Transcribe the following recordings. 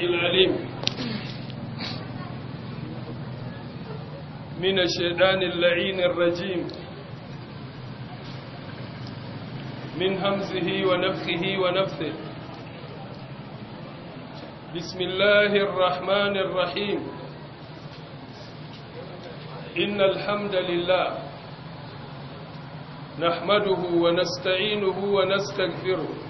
السميع العليم من الشيطان اللعين الرجيم من همزه ونفخه ونفثه بسم الله الرحمن الرحيم إن الحمد لله نحمده ونستعينه ونستغفره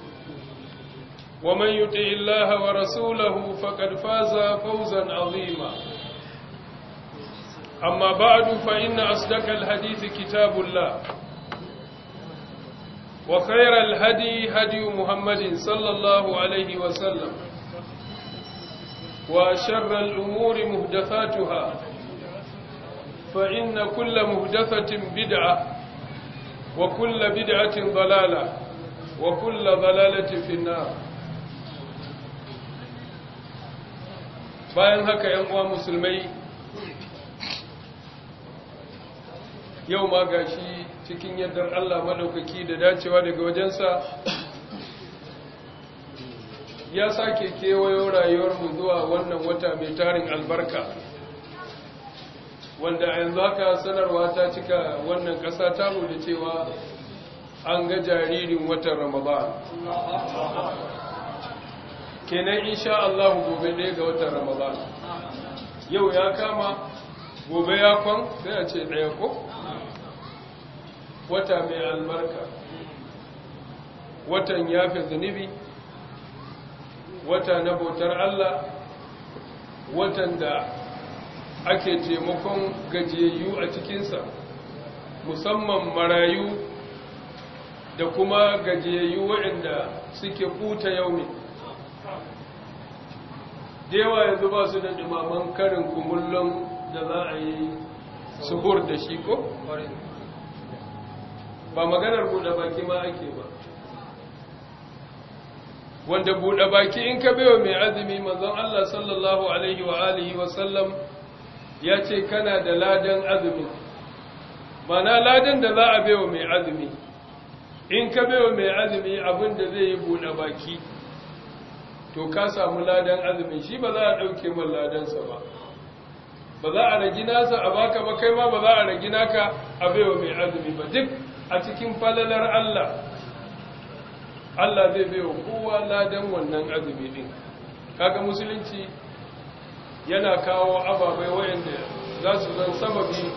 ومن يطع الله ورسوله فقد فاز فوزا عظيما أما بعد فإن أصدق الحديث كتاب الله وخير الهدي هدي محمد صلى الله عليه وسلم وشر الأمور مهدفاتها فإن كل مهدفة بدعة وكل بدعة ضلالة وكل ضلالة في النار bayan haka yan uwa musulmai yau ma gashi cikin yardar Allah madaukaki da dacewa daga wajensa ya sake kewayo rayuwarmu zuwa wannan wata mai tarin albarka wanda a yanzu haka sanarwa ta cika wannan ƙasa ta da cewa an ga jaririn watan ramadan kenan insha Allah gobe ne ga watan Ramadan yau ya kama gobe ya kwan sai a ce ɗaya ko wata mai albarka watan yafe zunubi wata na bautar Allah watan da ake taimakon gajiyayyu a cikinsa musamman marayu da kuma gajiyayyu waɗanda suke kuta yau da yanzu ba su da dumaman karin kumullon da za a yi suhur da shi ko? ba maganar buɗe baki ma ake ba wanda buɗe baki in ka bewa mai azumi mazan Allah sallallahu alaihi wa alihi wasallam ya ce kana da ladan azumi mana ladan da za a bewa mai azumi in ka bewa mai azumi abin da zai yi buɗe baki to ka samu ladan azumin shi ba za a ɗauke min ladansa ba ba za a ragi nasa a baka ba kai ma ba za a ragi naka a baiwa mai azumi ba duk a cikin falalar Allah Allah zai baiwa kowa ladan wannan azumi din kaga musulunci yana kawo ababai waɗanda za su zan sababi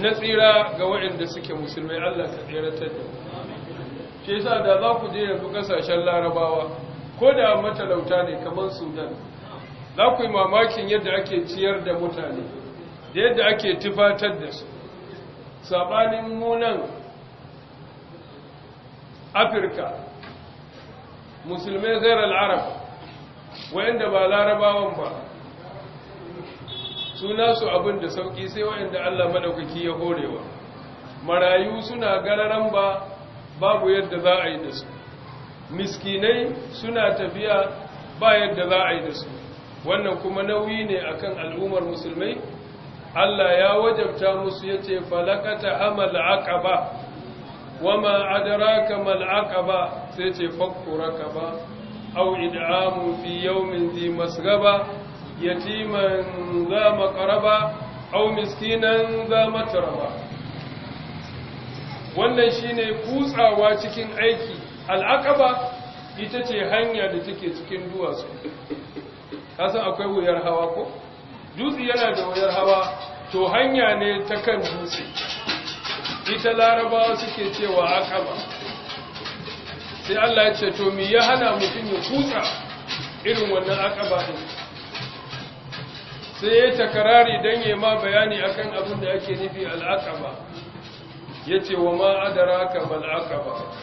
na tsira ga wayanda suke musulmai Allah ka tseratar da shi yasa da za ku je yanzu kasashen larabawa ko da matalauta ne kamar sudan za ku yi mamakin yadda ake ciyar da mutane da yadda ake tufatar da su saɓanin munan afirka musulmai zairal arab wa'inda ba larabawan ba suna su abin da sauƙi sai wayanda allah maɗaukaki ya horewa marayu suna gararan ba babu yadda za a yi da su miskinai suna tafiya ba yadda za a yi da su wannan kuma nauyi ne akan al'ummar musulmai Allah ya wajabta musu ya ce falakata amal aqaba wama adraka mal aqaba sai ce ka ba aw id'amu fi yawmin dhi masgaba yatiman za maqraba aw miskinan za matraba wannan shine kutsawa cikin aiki al'aqaba ita ce hanya da take cikin duwatsu kasan akwai wuyar hawa ko dutse yana da wuyar hawa to hanya ne ta kan dutse ita larabawa suke cewa aqaba sai Allah ya ce to mi ya hana mutum ya kusa irin wannan aqaba din sai ya takarari dan yi ma bayani akan abin da yake nufi al'aqaba ce wa ma adara bal aqaba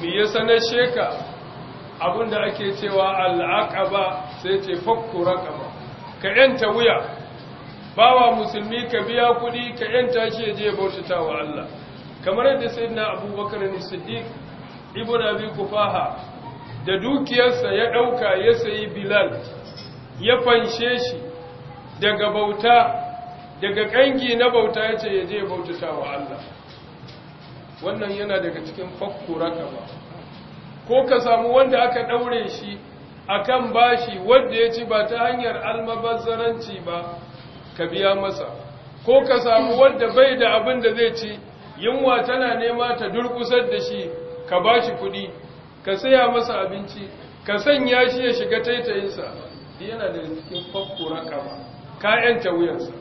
me ya sanashe ka abinda ake cewa ba sai ce fakku raqaba ka yanta wuya bawa musulmi ka biya kuɗi ka yanta shi je wa Allah kamar yadda na Abubakar ne Siddiq ibn Abi Kufaha da dukiyarsa ya ɗauka ya sayi Bilal ya fanshe shi daga bauta daga ƙangi na bauta ya ce ya je wa Allah wannan yana daga cikin fakku ba ko ka samu wanda aka ɗaure shi akan bashi wanda ya ci ba ta hanyar almabazzaranci ba ka biya masa ko ka samu wanda bai da abin da zai ci yunwa tana nema ta durkusar da shi ka bashi kuɗi ka saya masa abinci ka sanya shi ya shiga taitayinsa yana da cikin fakku rakaba kayan tawuyarsa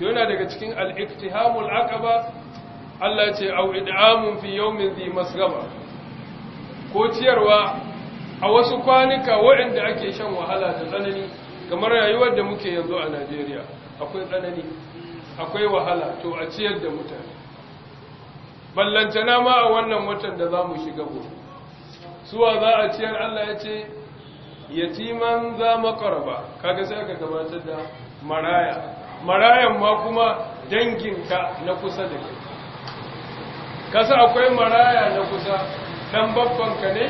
yana daga cikin al-iktihamul aqaba Allah ce au id'amun fi yawmin dhi masgaba ko ciyarwa a wasu kwanuka waɗanda ake shan wahala da tsanani kamar rayuwar da muke yanzu a Najeriya akwai tsanani akwai wahala to a ciyar da mutane na ma a wannan watan da zamu shiga gobe suwa za a ciyar Allah ya ce yatiman za makaraba kaga sai ka gabatar da maraya marayan ma kuma danginka na kusa da kai kasa akwai maraya na kusa babban ka ne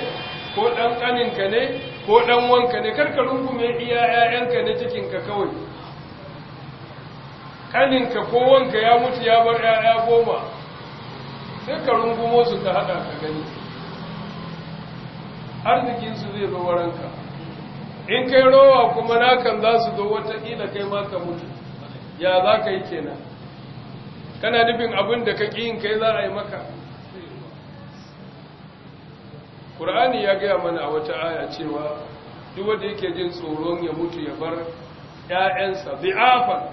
ko dan ka ne ko dan wanka ne karka rungume iya ne na ka kawai ka ko wanka ya mutu ya bar ƴaƴa goma sai ka rungumo su ta hada ka gani su zai zo waranka in kai rowa kuma nakan za su zo wataƙila kai ma ka mutu ya za ka yi kenan kana nufin abin da ka yin kai za a yi maka Qur'ani ya gaya mana a wata aya cewa duk wanda yake jin tsoron ya mutu ya bar ‘ya'yansa bi'afan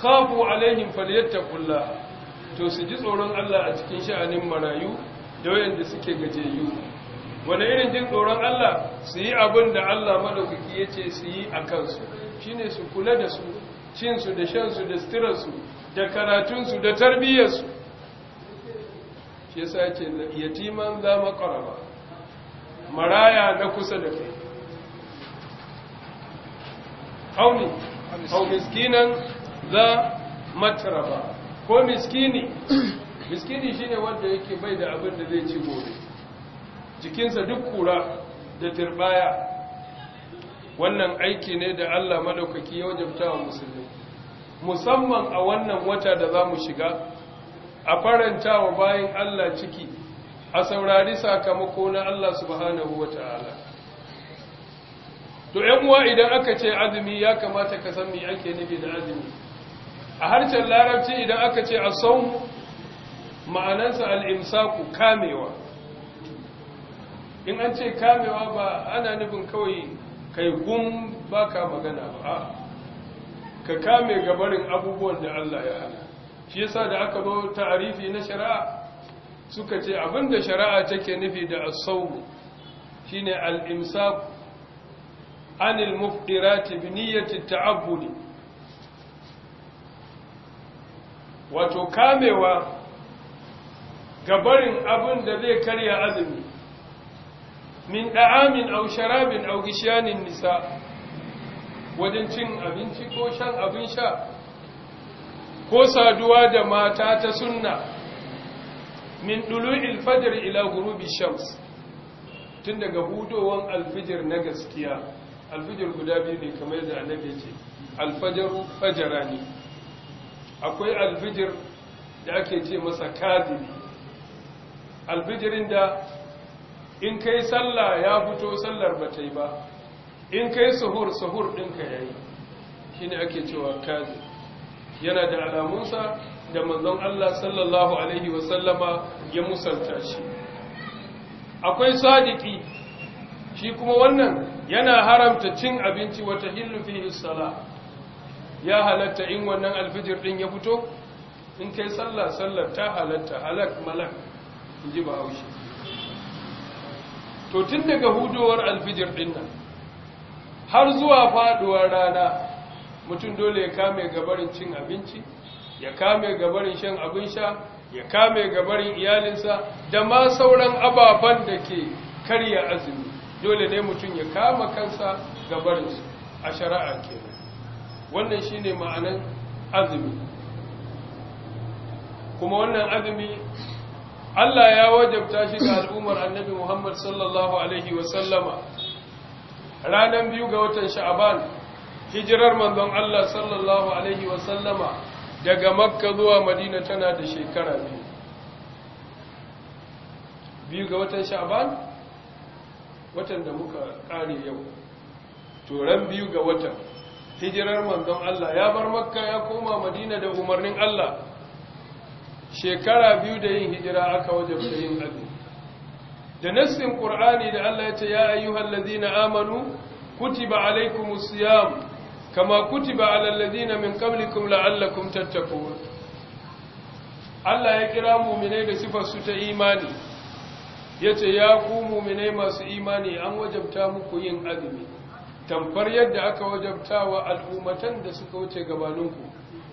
kafu alaihim kula, to su ji tsoron Allah a cikin sha'anin marayu da wayanda suke gajeyu wani irin jin tsoron Allah su yi abin da Allah madaukaki ya ce su yi a kansu shine su kula da su cin su da shan su da su da karatunsu da tarbiyyarsu shi yasa ce yatiman za maƙaraba maraya na kusa da kai auni au miskinan za ba ko miskini miskini shine wanda yake bai da abin da zai ci gobe jikinsa duk kura da turbaya wannan aiki ne da Allah madaukaki ya wajabta wa musulmi musamman a wannan wata da za mu shiga a faranta wa bayan Allah ciki a saurari sakamako na Allah subhanahu wa ta'ala to uwa idan aka ce azumi ya kamata ka san me ake nufi da azumi a harshen larabci idan aka ce a saun ma'anansa ku kamewa in an ce kamewa ba ana nufin kawai kai gum ba ka magana ba ka kame gabarin abubuwan da Allah ya hana shi yasa da aka zo ta'arifi na shari'a suka ce abinda shari'a take nufi da as-sawm shine al-imsak anil muftirat bi niyyati ta'abbud wato kamewa gabarin abin da zai karya azumi min da'amin aw sharabin aw gishanin nisa' wajen cin abinci ko shan abin sha ko saduwa da mata ta sunna min dulu'il fajr ila ghurubi shams tun daga hudowan alfijir na gaskiya alfijir guda biyu ne kamar yadda annabi ce alfajaru fajarani akwai alfijir da ake ce masa kadiri. alfijirin da in kai sallah ya fito sallar ba ta yi ba in kai sahur sahur ɗinka ya yi shi ne ake cewa kazi yana da alamunsa da manzon Allah sallallahu Alaihi wasallama ya musanta shi akwai sadiki shi kuma wannan yana haramta cin abinci wata hillufi sala ya halatta in wannan alfijir ɗin ya fito in kai sallah sallar ta halatta halak malak in ji ba haushi to tun daga hudowar alfijir ɗin nan har zuwa faduwar rana mutum dole ya kame gabarin cin abinci ya kame gabarin shan abin sha ya kame gabarin iyalinsa da ma sauran ababen da ke karya azumi dole ne mutum ya kama kansa gabarinsu a shari'a kenan wannan shine ma'anan azumi kuma wannan azumi Allah ya wajabta shi ga al'ummar annabi Muhammad sallallahu alaihi wa sallama ranar biyu ga watan sha'aban hijirar manzon Allah sallallahu alaihi wasallama daga makka zuwa madina tana da shekara biyu biyu ga watan sha'aban watan da muka kare yau turan biyu ga watan hijirar manzon Allah ya bar makka ya koma madina da umarnin Allah shekara biyu da yin hijira aka wajabta yin azumi da nassin qur'ani da Allah ya ce ya ayyuhal ladina amanu kutiba alaykumus siyam kama kutiba alal ladina min qablikum la'allakum tattaqun Allah ya kira mu'minai da sifar su ta imani yace ya ku mu'minai masu imani an wajabta muku yin azumi tamfar yadda aka wa al'ummatan da suka wuce gabaninku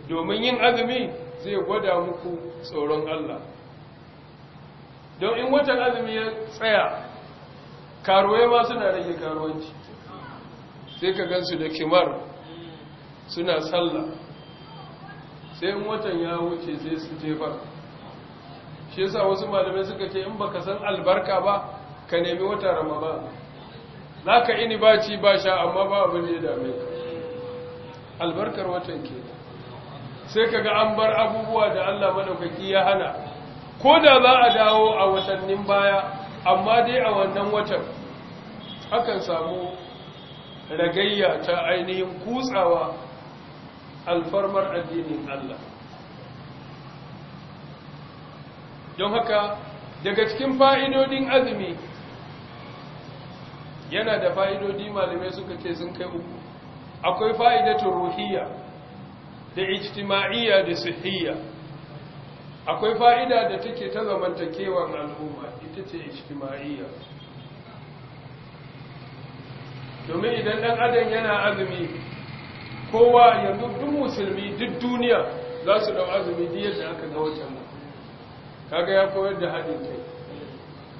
domin yin azumi zai gwada muku tsoron Allah don in watan azumi ya tsaya karuwai ma suna rage karuwanci sai ka gansu da kimar suna sallah sai in watan ya wuce sai su jefar shi sa wasu malamai suka ce in baka san albarka ba ka nemi wata ramadan za ka ini ba ci ba sha amma ba abin da ya dame ka albarkar watan ke sai ka ga an bar abubuwa da allah madaukaki ya hana ko da za a dawo a watannin baya amma dai a wannan watan akan samu ragayya ta ainihin kutsawa alfarmar addinin Allah don haka daga cikin fa'idodin azumi yana da fa'idodi malamai suka ce sun kai uku akwai fa'idatun ruhiyya da ijtima'iyya da suhiyya akwai fa'ida da take ta zamanta kewan al'umma ita ce ijtima'iyya domin idan ɗan adam yana azumi kowa yanzu duk musulmi duk duniya za su ɗau azumi duk yadda aka ga watan nan kaga ya koyar da haɗin kai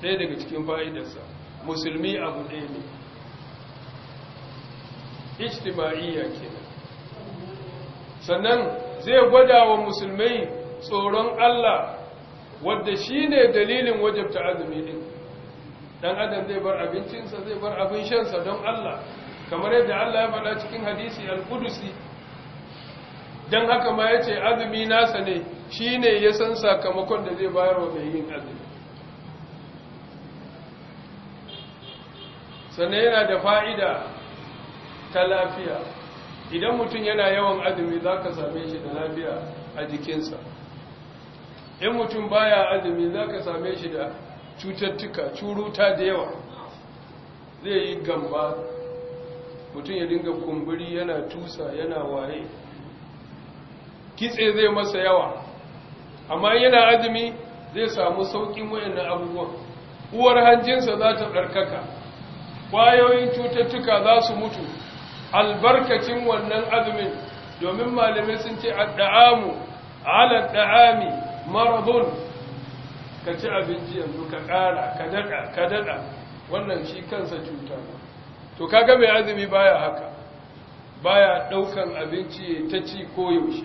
ɗaya daga cikin fa'idarsa musulmi abu ɗaya ne ijtima'iyya kenan sannan zai gwada wa musulmai tsoron Allah wadda shi ne dalilin wajabta azumi ɗin ɗan adam zai bar abincinsa zai bar abin shansa don Allah kamar yadda Allah ya faɗa cikin hadisi al-kudusi don haka ma ya ce azumi nasa ne shi ne ya san sakamakon da zai bayar wa mai yin azumi sannan yana da fa'ida ta lafiya idan mutum yana yawan azumi za ka same shi da lafiya a jikinsa in mutum baya azumi za ka same shi da cututtuka curuta da yawa zai yi gamba mutum ya dinga kumburi yana tusa yana waye kitse zai masa yawa amma yana azumi zai samu sauƙin wayannan abubuwan uwar hanjinsa za ta ɗarkaka ƙwayoyin cututtuka za su mutu albarkacin wannan azumin domin malamai sun ce a adda'amu ala da'ami marabun ka ci abinci yanzu ka ƙara ka daɗa ka daɗa wannan shi kansa cuta to kaga mai azumi baya haka baya ɗaukan abinci ta ci koyaushe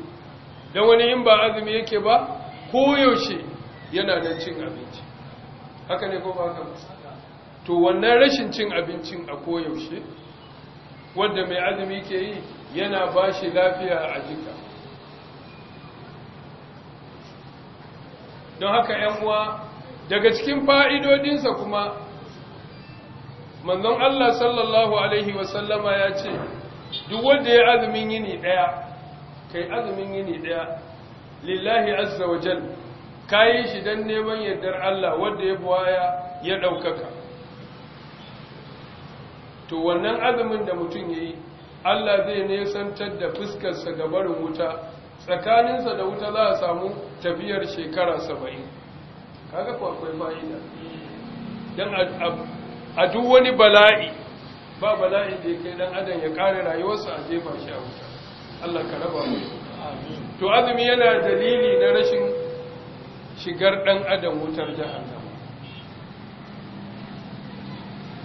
don wani in ba azumi yake ba koyaushe yana da cin abinci haka ne ko ba haka to wannan rashin cin abincin a koyaushe wanda mai azumi ke yi yana ba shi lafiya a jika don haka ‘yan uwa daga cikin fa'idodinsa kuma manzon Allah sallallahu Alaihi wasallama ya ce duk wanda ya azumin yini ɗaya kai azumin yini ɗaya lillahi azza wa jal ka yi shi don neman yardar Allah wanda ya buwaya ya ɗaukaka to wannan azumin da mutum ya yi Allah zai nesantar da fuskarsa gabarin wuta tsakaninsa da wuta za a samu tafiyar shekara saba'in kaga ko akwai fa'ida don a duk wani bala'i ba bala'i da ya kai dan adam ya kare rayuwarsa a jefa shi a wuta Allah ka raba mu to azumi yana dalili na rashin shigar dan adam wutar jahannama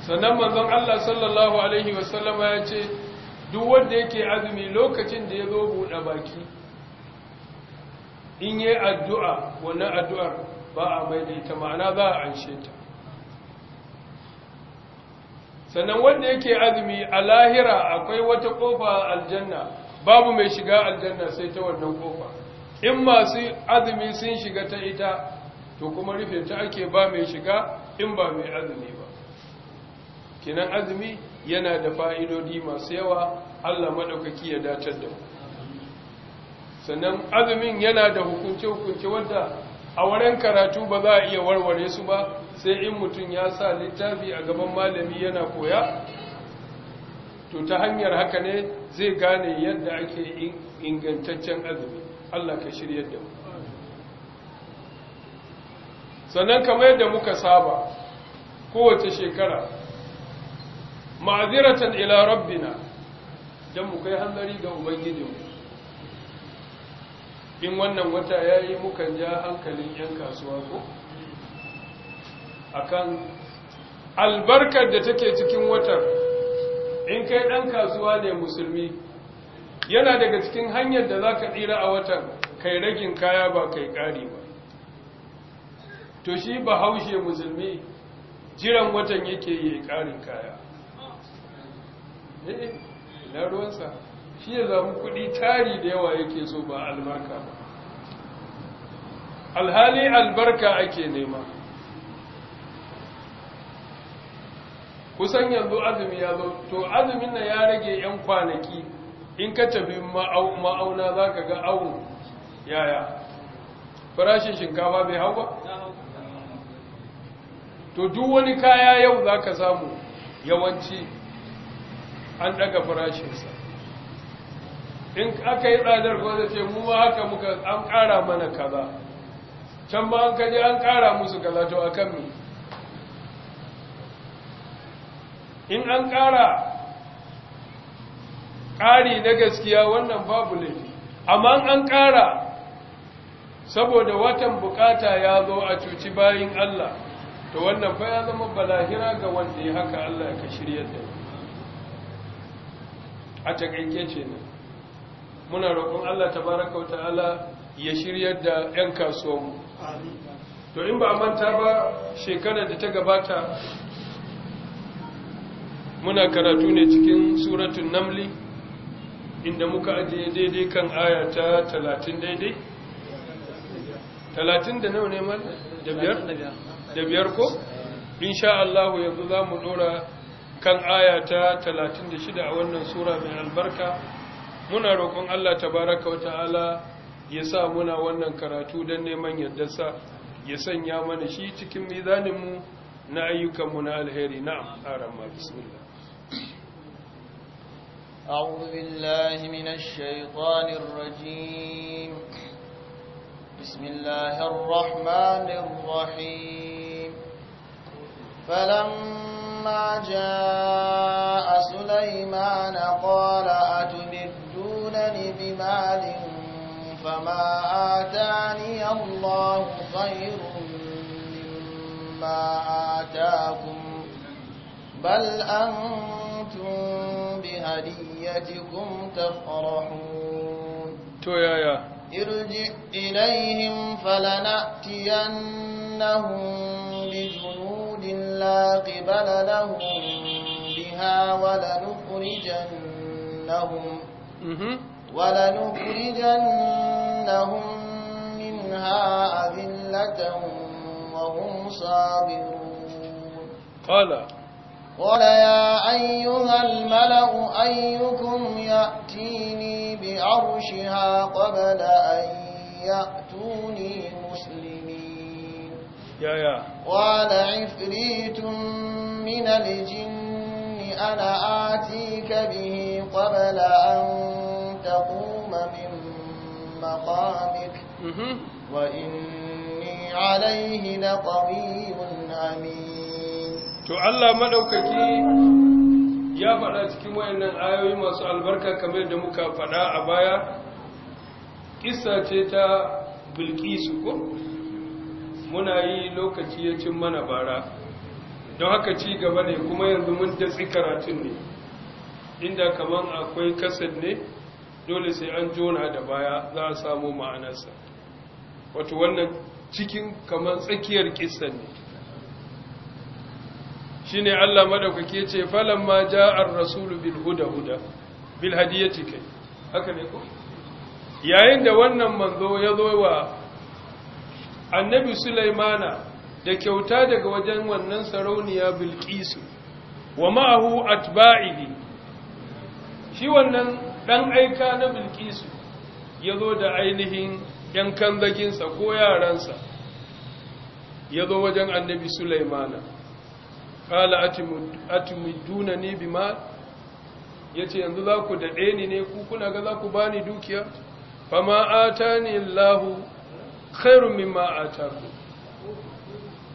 sannan manzon Allah sallallahu alaihi wasallama ya ce duk wanda yake azumi lokacin da ya zo buɗe baki in yi addu'a wannan addu'ar ba a mai da ita ma'ana za a anshe ta sannan wanda yake azumi a lahira akwai wata ƙofa aljanna babu mai shiga aljanna sai ta wannan ƙofa in masu azumi sun shiga ta ita to kuma rufe ta ake ba mai shiga in ba mai azumi ba kinan azumi yana da fa'idodi masu yawa allah maɗaukaki ya datar da mu sannan azumin yana da hukunce-hukunce wanda a wurin karatu ba za a iya warware su ba sai in mutum ya sa littafi a gaban malami yana koya to ta hanyar haka ne zai gane yadda ake ingantaccen azumi Allah ka shirya da sannan kamar yadda muka saba kowace shekara ma'aziratan ila rabbina don mu kai hanzari ga ubangijinmu in wannan wata ya yi mukan ja hankalin 'yan kasuwa ko akan albarkar da take cikin watar in kai ɗan kasuwa ne musulmi yana daga cikin hanyar da za ka tsira a watan kai ragin kaya ba kai ƙari ba to shi ba haushe musulmi jiran watan yake yi ƙarin kaya eh na ruwansa shi ya zama kuɗi tari da yawa yake so ba albarka ba alhali albarka ake nema kusan yanzu azumi ya zo to azumin na ya rage 'yan kwanaki in ka tafi ma'auna za ka ga awu yaya farashin shinkafa bai hau ba to duk wani kaya yau za ka samu yawanci an daga farashinsa in aka yi tsadar kuma ce mu ma haka muka an kara mana kaza can ba an kaji an ƙara musu galato a kan mu in an ƙara ƙari na gaskiya wannan babu ne amma an ƙara saboda watan bukata ya zo a cuci bayin Allah to wannan fa ya zama balahira ga wanda ya haka Allah ya ka shirya da a takaice ce ne muna roƙon Allah tabaraka wa ta'ala ya shiryar da 'yan kasuwanmu to in ba a manta ba shekarar da ta gabata muna karatu ne cikin suratun namli inda muka ajiye daidai kan aya ta talatin daidai talatin da nawa ne da biyar ko insha Allah yanzu za mu dora kan aya ta talatin da shida a wannan sura mai albarka muna roƙon Allah ta baraka wa ta'ala ya sa muna wannan karatu don neman sa ya sanya mana shi cikin mizaninmu na ayyukanmu na alheri na aran ma bismillah أعوذ فلما جاء سليمان قال أتمدونني بمال فما آتاني الله خير مما آتاكم بل أنتم بهديتكم تفرحون تو يا يا ارجع إليهم فلنأتينهم بجنود لا قبل لهم بها ولنخرجنهم ولنخرجنهم منها أذلة وهم صابرون قال قال يا أيها الملأ أيكم يأتيني بعرشها قبل أن يأتوني مسلمين يا يا قال عفريت من الجن أنا آتيك به قبل أن تقوم من مقامك وإني عليه لقوي أمين تو الله مدوككي ya faɗa cikin wayannan ayoyi masu albarka kamar da muka faɗa a baya kissa ce ta bilkisu ko muna yi lokaci ya cin mana bara don haka ci gaba ne kuma yanzu mun datsi karatun ne inda kamar akwai kasar ne dole sai an jona da baya za a samu ma'anarsa wato wannan cikin kamar tsakiyar kissan ne shi ne Allah madaukake ce falon ma ja an rasulu bil huda huda bil hadiya kai haka ne ko yayin da wannan manzo ya zo wa annabi sulaimana da kyauta daga wajen wannan sarauniya bilkisu wa ma'ahu atba'ihi shi wannan ɗan aika na bilkisu ya zo da ainihin ‘yan kanzaginsa ko yaransa ya zo wajen annabi sulaimana ƙala atimiduna ne bi ma ya ce yanzu za ku daɗe ni ne kuna ga za ku ba ni dukiya fama ata ni allahu khairun a ata ku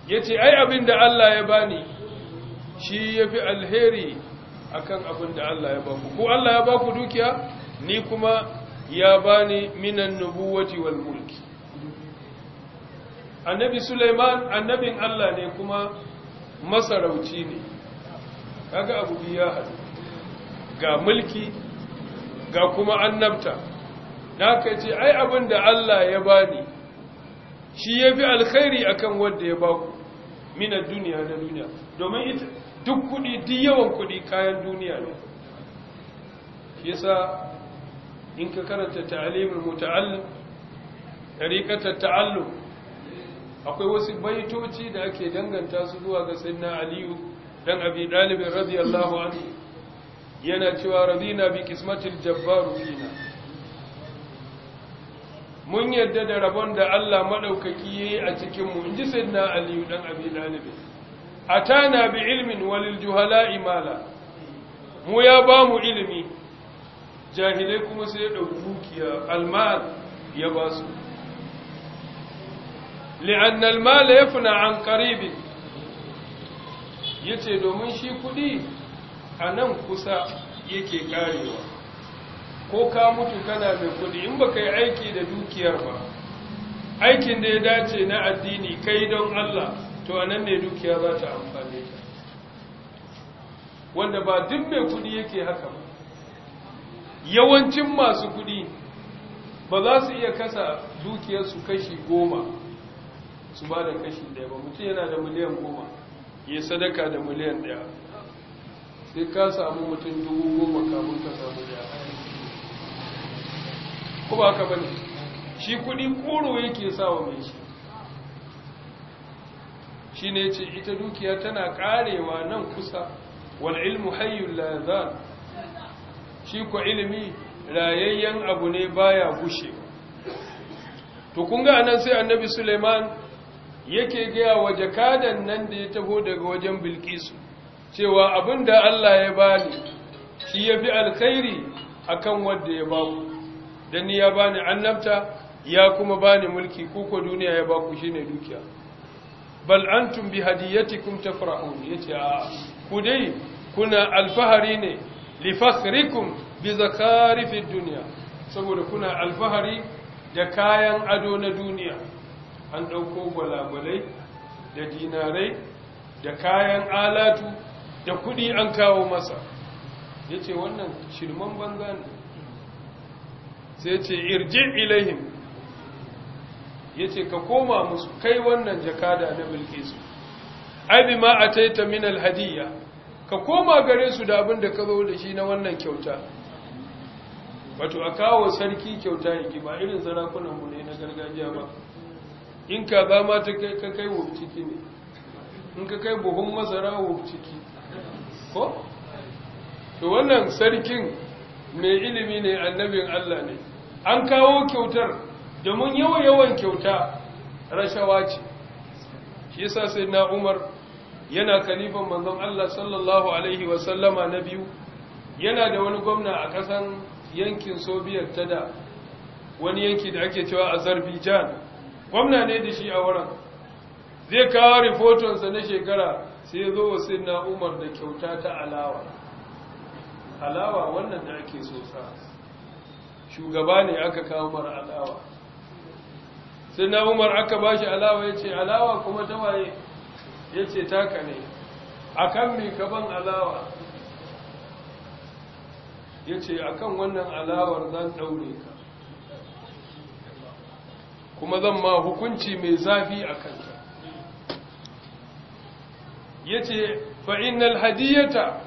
ya ce ai abin da allah ya bani shi ya fi alheri akan abin da Allah ya baku ko Allah ya baku dukiya ni kuma ya bani minan nubuwati wal mulki annabi Sulaiman annabin Allah ne kuma masarauci ne kaga abu biya hadu ga mulki ga kuma annabta da ka ce ai abin da Allah ya bani shi yafi alkhairi akan wanda ya baku minan duniya na duniya domin ita duk kuɗi duk yawan kuɗi kayan duniya ne shi yasa in ka karanta ta'alimul muta'allim tariqata ta'allum akwai wasu baitoci da ake danganta su zuwa ga sayyidina aliyu dan abi dalib radiyallahu anhu yana cewa radina bi qismatil jabbaru fina mun yadda da rabon da Allah madaukaki yayi a cikin mu inji sayyidina aliyu dan abi dalib na bi ilmin walil juhala'i mala mu ya ba ilimi jahilai kuma sai ya ɗauki dukiya almal ya ba su li'annal yafna an qaribin yace domin shi kudi a nan kusa yake karewa ko ka mutu kana mai kudi in baka yi aiki da dukiyar ba aikin da ya dace na addini kai don Allah to anan ne dukiya za ta amfane ta wanda ba duk mai kudi yake haka ba yawancin masu kudi ba za su iya kasa dukiyarsu kashi goma su ba da kashi daya ba mutum yana da miliyan goma ya sadaka da miliyan daya sai ka samu mutum dubu goma kamun ka samu daya ko ba ka bane shi kudi koro yake sawa mai shi shi ne ce ita dukiya tana karewa nan kusa wal ilmu hayyul la shi ko ilimi rayayyen abu ne baya gushe to kun ga anan sai annabi Suleiman yake gaya wa jakadan nan da ya taho daga wajen Bilkisu cewa abinda Allah ya bani shi ya fi alkhairi akan wanda ya baku dan ni ya bani annabta ya kuma bani mulki koko duniya ya baku shine dukiya bal antum bi hadiyatikum tafrahun yace a ku dai kuna alfahari ne li fakhrikum bi zakarifid dunya saboda kuna alfahari da kayan ado na duniya an dauko gwalagwalai da dinarai da kayan alatu da kudi an kawo masa yace wannan shirman banza ne sai yace irji ilaihim Ya ce ka koma musu kai wannan jakada na bilkisu ma a taita min alhadiya ka koma gare su da abin da ka zo da shi na wannan kyauta wato a kawo sarki kyauta ya ba irin sarakunanmu ne na gargajiya ba in ka ba ma ta kai ka kai ciki ne in ka kai buhun masara ciki ko to wannan sarkin mai ilimi ne annabin Allah ne an kawo kyautar domin yawan yawan kyauta rashawa ce shi yasa sai na umar yana kalifan manzon Allah sallallahu alaihi wa sallama na biyu yana da wani gwamna a kasan yankin soviet ta da wani yanki da ake cewa azerbaijan gwamna ne da shi a wurin zai kawo rifotonsa na shekara sai zo sai na umar da kyauta ta alawa alawa wannan da ake so sa shugaba ne aka kawo mara alawa sai na umar aka ba shi alawa ya ce alawa kuma ta waye ya ce taka ne a kan mai kaban alawa ya ce a kan wannan alawar zan ɗaure ka kuma zan ma hukunci mai zafi a kanta ya ce fa'inal hadiyyata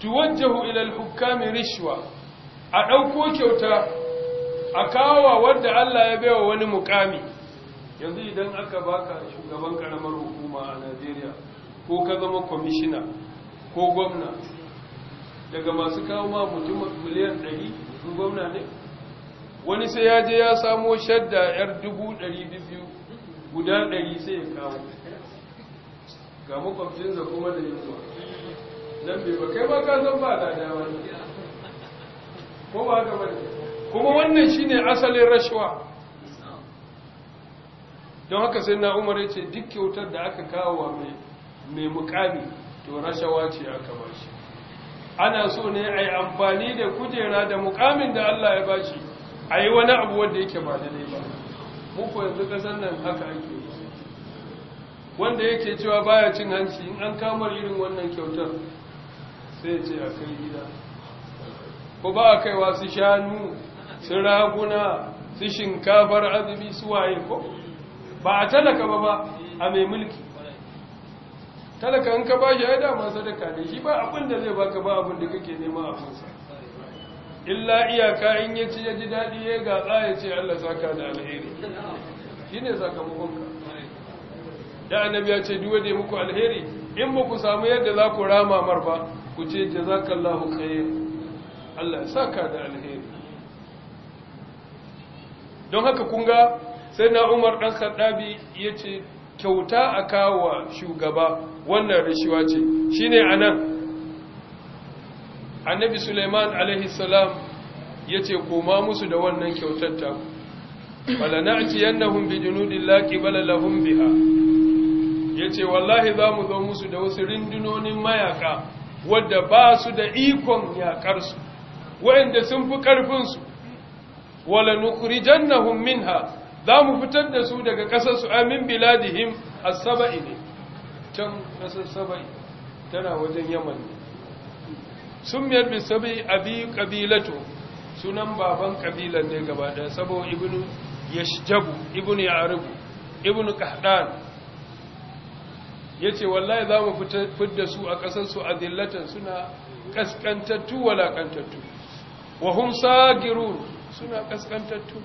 tuwajjahu ilal hukami rishwa a ɗauko kyauta a kawo wadda Allah ya baiwa wani mukami yanzu idan aka baka shugaban karamar hukuma a najeriya ko ka zama kwamishina ko gwamna daga masu kawo ma mutum miliyan 100 su gwamna ne wani sai ya je ya samo shadda yar 200,000 guda 100 sai ya kawo ga da kuma da yin zuwa nan bai ba kai ba ka zan ba da dama ko ba ga kuma wannan shine asalin rashuwa. don haka sai na umar ya ce duk kyautar da aka kawo wa mai mukami to rashawa ce aka ba shi ana so ne a yi amfani da kujera da mukamin da Allah ya ba shi a yi wani abu wanda yake ba da ba muku yanzu kasan nan haka ake wanda yake cewa baya cin hanci in an kamar irin wannan kyautar sai ce a kai gida ko ba a kaiwa su shanu su raguna su shinkafar azumi su waye ko ba a talaka ba ba a mai mulki talaka in ka ba shi ya dama sadaka ne shi ba abin da zai baka ba abin da kake nema a kansa illa iyaka in ya ci ya ji daɗi ya ga ya ce Allah saka da alheri shi ne sakamakonka da annabi ya ce duwade muku alheri in ba ku samu yadda za ku rama mar ba ku ce jazakallahu khair Allah saka da alheri don haka kun ga sai na umar ɗan khaɗabi ya ce kyauta a kawo shugaba wannan rashuwa ce shi ne a nan annabi suleiman alaihissalam ya ce koma musu da wannan kyautar ta balana a ciyar na hun laƙi balalahun biha ya ce wallahi za mu zo musu da wasu rindunonin mayaka wadda ba su da ikon yaƙarsu wa'inda sun fi ƙarfinsu wala nukuri jannahun minha za mu fitar da su daga ƙasar su amin biladihim as-saba'i ne can ƙasar saba'i tana wajen yaman ne sun miyar bin saba'i biyu ƙabilato sunan baban ƙabilan ne gaba ɗaya sabo ibnu ya ibnu ya'rubu ibnu Ya ce wallahi za mu fitar da su a ƙasar su adillatan suna kaskantattu walakantattu wa hum sagirun suna kaskantattu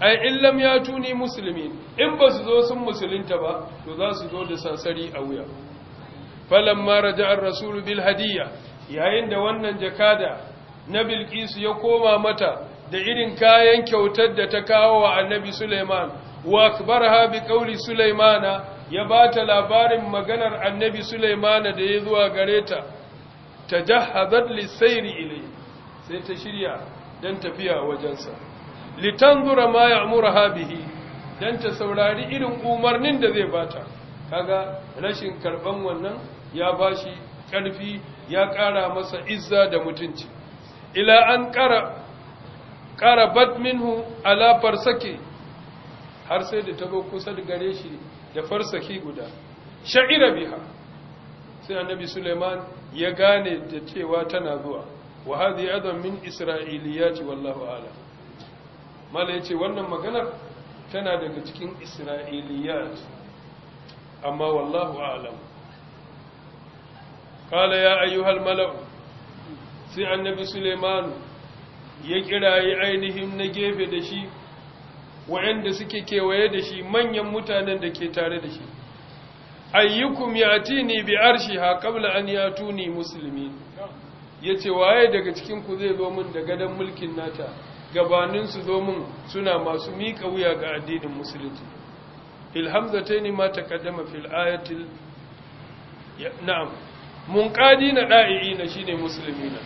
ai in lam ya tuni musulmi in ba su zo sun musulunta ba to za su zo da sansari a wuya falamma raja'ar rasulu bil hadiyya yayin da wannan jakada na bilkisu ya koma mata da irin kayan kyautar da ta kawo wa annabi suleiman wa akbarha bi qawli suleimana ya ba ta labarin maganar annabi suleimana da ya zuwa gare ta tajahhadat jahazar sayri ilayhi sai ta shirya dan tafiya wajensa litanzura ma ya'muruha bihi dan ta saurari irin umarnin da zai bata kaga rashin karban wannan ya bashi karfi ya ƙara masa izza da mutunci ila an kara bat minhu ala farsake har sai da ta kusa da gare shi da farsaki guda sha'ira biha sai annabi suleiman ya gane da cewa tana zuwa wa hadhi adam min isra'iliyati wallahu a'lam mala ya ce wannan maganar tana daga cikin isra'iliyat amma wallahu alam kala ya ayyuhal mala'u sai annabi suleimanu ya kiraye ainihin na gefe da shi wa'anda suke kewaye da shi manyan mutanen da ke tare da shi ayyukum ya ni bi ha kabla an musulmi ya ce waye daga cikinku zai zo min da gadon mulkin nata gabaninsu domin suna masu miƙa wuya ga addinin musulunci ne ma ta fil ayatil na'am na munqadina da'iina shine na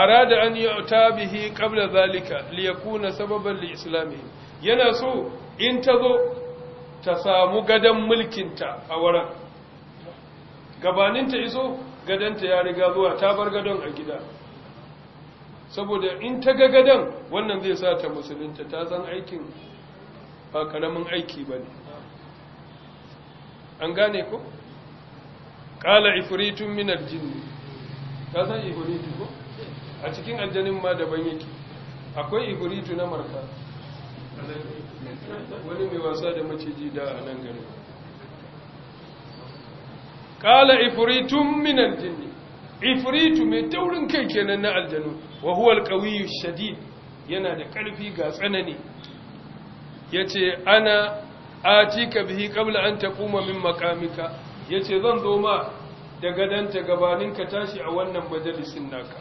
arada an yi yu'ta bihi ƙabla zalika liyakuna sababan islami yana so in tazo ta samu gadan mulkinta a wurin gabaninta iso ta ya riga zuwa ta bar gadon a gida saboda in ta ga gadon wannan zai sa ta musulunta ta zan aikin ba karamin aiki ba ne an gane ko ƙala ifiritun minar jini ta san ifiritu ko a cikin aljanin ma daban yake akwai ifiritu na marka wani mai wasa da maciji da a nan gani. ƙala ifiritun minar jini ifritu mai taurin kai kenan na aljanu wa huwa alqawiyyu shadid yana da karfi ga tsanani yace ana atika bihi kabla an taquma min maqamika yace zan zo ma da gadanta gabanin ka tashi a wannan majalisin naka